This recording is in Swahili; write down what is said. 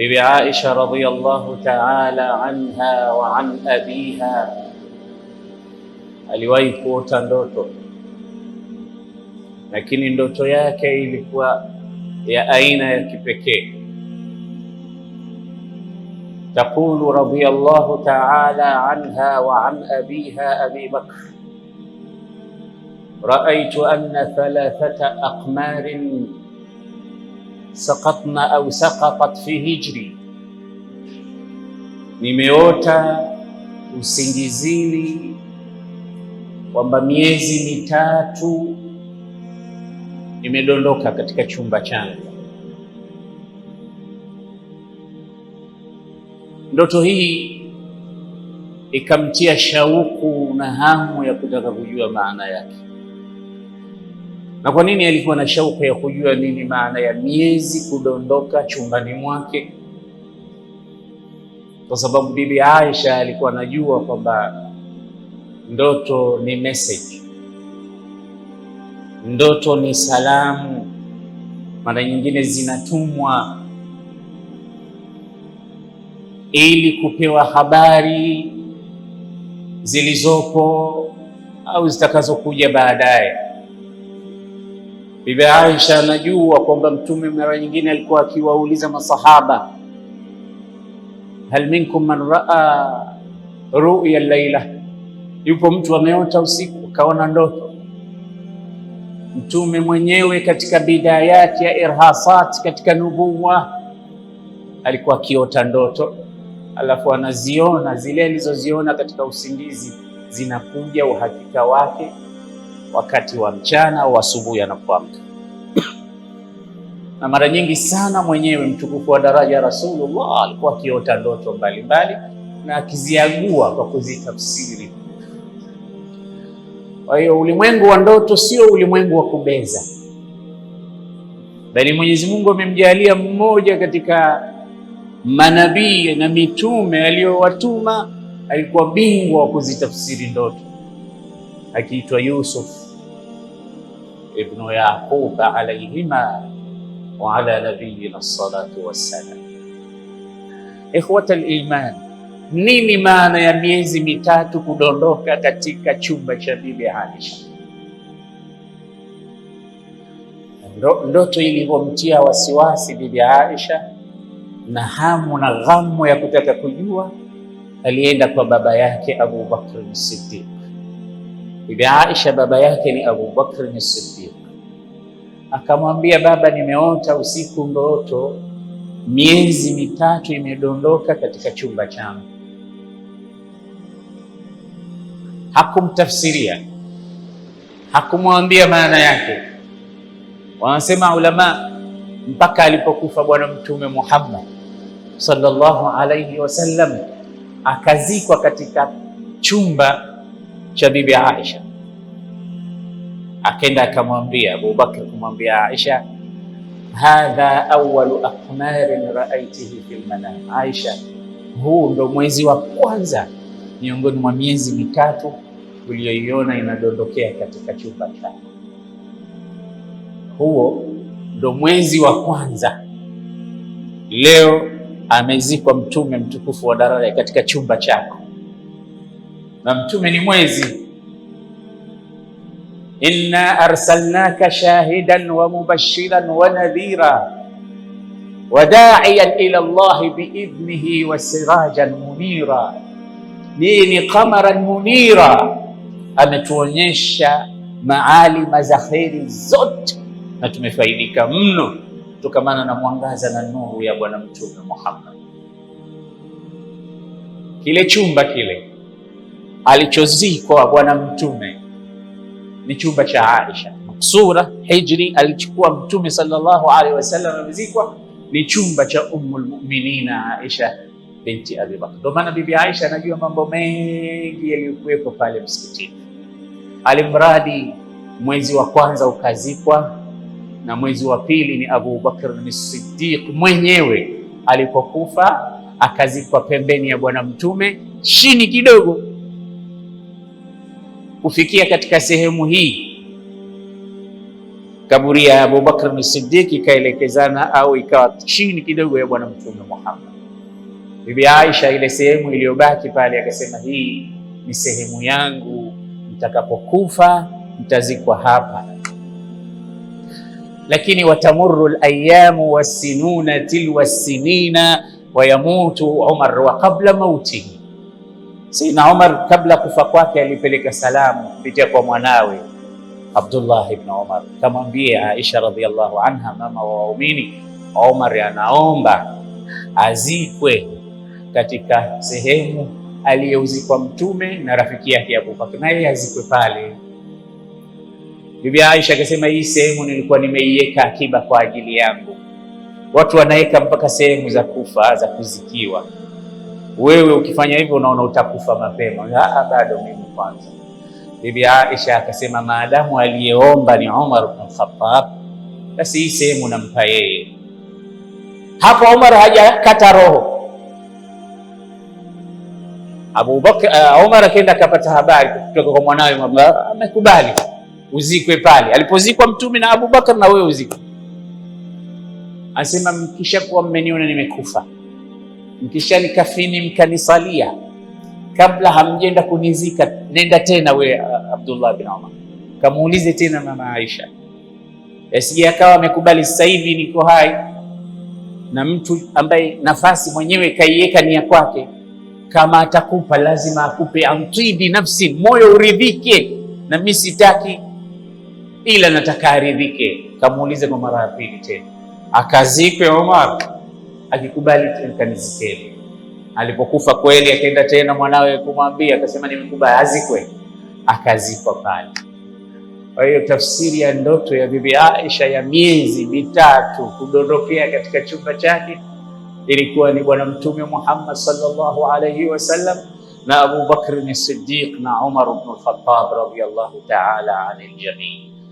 بيبي عائشة رضي الله تعالى عنha wa an abiha, aliwahi kuota ndoto, lakini ndoto yake ilikuwa ya aina ya kipekee. Taqulu radiyallahu ta'ala anha wa an abiha abi Bakr raaitu anna thalathata aqmarin sakatna au sakatat fi hijri, nimeota usingizini kwamba miezi mitatu imedondoka katika chumba changu. Ndoto hii ikamtia shauku na hamu ya kutaka kujua maana yake. Na kwa nini alikuwa na shauku ya kujua nini maana ya miezi kudondoka chumbani mwake? Kwa sababu Bibi Aisha alikuwa anajua kwamba ndoto ni message, ndoto ni salamu, mara nyingine zinatumwa ili kupewa habari zilizopo au zitakazokuja baadaye. Bibi Aisha anajua kwamba Mtume mara nyingine alikuwa akiwauliza masahaba, hal minkum man raa ruya laila, yupo mtu ameota usiku akaona ndoto. Mtume mwenyewe katika yake ya irhasat katika nubuwa alikuwa akiota ndoto, alafu anaziona zile alizoziona katika usingizi zinakuja uhakika wake wakati wa mchana au asubuhi anapoamka. Na mara nyingi sana mwenyewe mtukufu wa daraja Rasulullah alikuwa akiota ndoto mbalimbali na akiziagua kwa kuzitafsiri. Kwa hiyo ulimwengu wa ndoto sio ulimwengu wa kubeza, bali Mwenyezi Mungu amemjalia mmoja katika manabii na mitume aliyowatuma alikuwa bingwa wa kuzitafsiri ndoto, akiitwa Yusuf ibnu Yaquba alayhima wa ala nabiyina salatu wassalam. Ikhwata liman, nini maana ya miezi mitatu kudondoka katika chumba cha bibi Aisha? Ndoto ilivyomtia wasiwasi bibi Aisha na hamu na ghamu ya kutaka kujua, alienda kwa baba yake Abu Bakr Siddiq Bibi Aisha baba yake ni Abu Bakr ni siddiq akamwambia baba, nimeota usiku ndoto, miezi mitatu imedondoka katika chumba changu. Hakumtafsiria, hakumwambia maana yake. Wanasema ulama mpaka alipokufa Bwana Mtume Muhammad sallallahu alayhi wasallam, akazikwa katika chumba cha bibi Aisha, akenda akamwambia Abubakar, kumwambia Aisha, hadha awalu akmarin raaitihi fil manam. Aisha, huu ndo mwezi wa kwanza miongoni mwa miezi mitatu uliyoiona inadondokea katika chumba chako. Huo ndo mwezi wa kwanza. Leo amezikwa mtume mtukufu wa daraja katika chumba chako na mtume ni mwezi. Inna arsalnaka shahidan wa mubashiran wa nadhira wa da'iyan ila Allahi biidhnihi wa sirajan munira. Dini qamaran munira, ametuonyesha maalima za kheri zote na tumefaidika mno kutokamana na mwangaza na nuru ya Bwana Mtume Muhammad. Kile chumba kile alichozikwa Bwana Mtume ni chumba cha Aisha. Sura Hijri alichukua Mtume sallallahu alaihi wasallam amezikwa ni chumba cha Ummul Muminina Aisha binti Abi Bakr. Ndio maana Bibi Aisha anajua mambo mengi yaliyokuwepo pale msikitini. Alimradi mwezi wa kwanza ukazikwa na mwezi wa pili ni Abu Bakr ni siddiq mwenyewe alipokufa akazikwa pembeni ya Bwana Mtume chini kidogo kufikia katika sehemu hii kaburi ya Abubakar Siddiq ikaelekezana au ikawa chini kidogo ya Bwana Mtume Muhammad. Bibi Aisha, ile sehemu iliyobaki pale, akasema hii ni sehemu yangu, mtakapokufa mtazikwa hapa, lakini watamuru alayamu wasinuna tilwa sinina wayamutu Umar wa qabla mautihi Saidna Umar kabla kufa kwake alipeleka salamu kupitia kwa mwanawe Abdullah ibn Umar, kamwambia Aisha radhiallahu anha, mama wa waumini, Umar anaomba azikwe katika sehemu aliyeuzikwa Mtume na rafiki yake Bakr, na yeye azikwe pale. Bibi Aisha akasema, hii sehemu nilikuwa nimeiweka akiba kwa ajili yangu. Watu wanaweka mpaka sehemu za kufa za kuzikiwa wewe ukifanya hivyo unaona utakufa mapema. Ah, bado mimi kwanza. Bibi Aisha akasema maadamu aliyeomba ni Umar bin Khattab, basi hii sehemu nampa yeye. hapo Umar hajakata roho. Abu Bakar, uh, eh, Umar akaenda akapata habari kutoka kwa mwanawe kwamba amekubali uzikwe pale alipozikwa Mtume na Abu Bakar, na wewe uzikwe. Anasema mkishakuwa mmeniona nimekufa mkishanikafini mkanisalia, kabla hamjenda kunizika, nenda tena we uh, Abdullah bin Umar, kamuulize tena mama Aisha, asije akawa amekubali sasa hivi niko hai na mtu ambaye nafasi mwenyewe kaiweka nia kwake, kama atakupa lazima akupe, amtwidi nafsi, moyo uridhike, na mimi sitaki ila nataka aridhike. Kamuulize kwa mara ya pili tena, akazikwe Omar akikubali tena Alipokufa kweli, akaenda tena mwanawe kumwambia, akasema nimekubali, azikwe, akazikwa pale. Kwa hiyo tafsiri ya ndoto ya Bibi Aisha ya miezi mitatu kudondokea katika chumba chake ilikuwa ni Bwana Mtume Muhammad sallallahu alaihi wasallam na Abu Bakr ni siddiq na Umar ibn al-Khattab radhiyallahu ta'ala anil jami'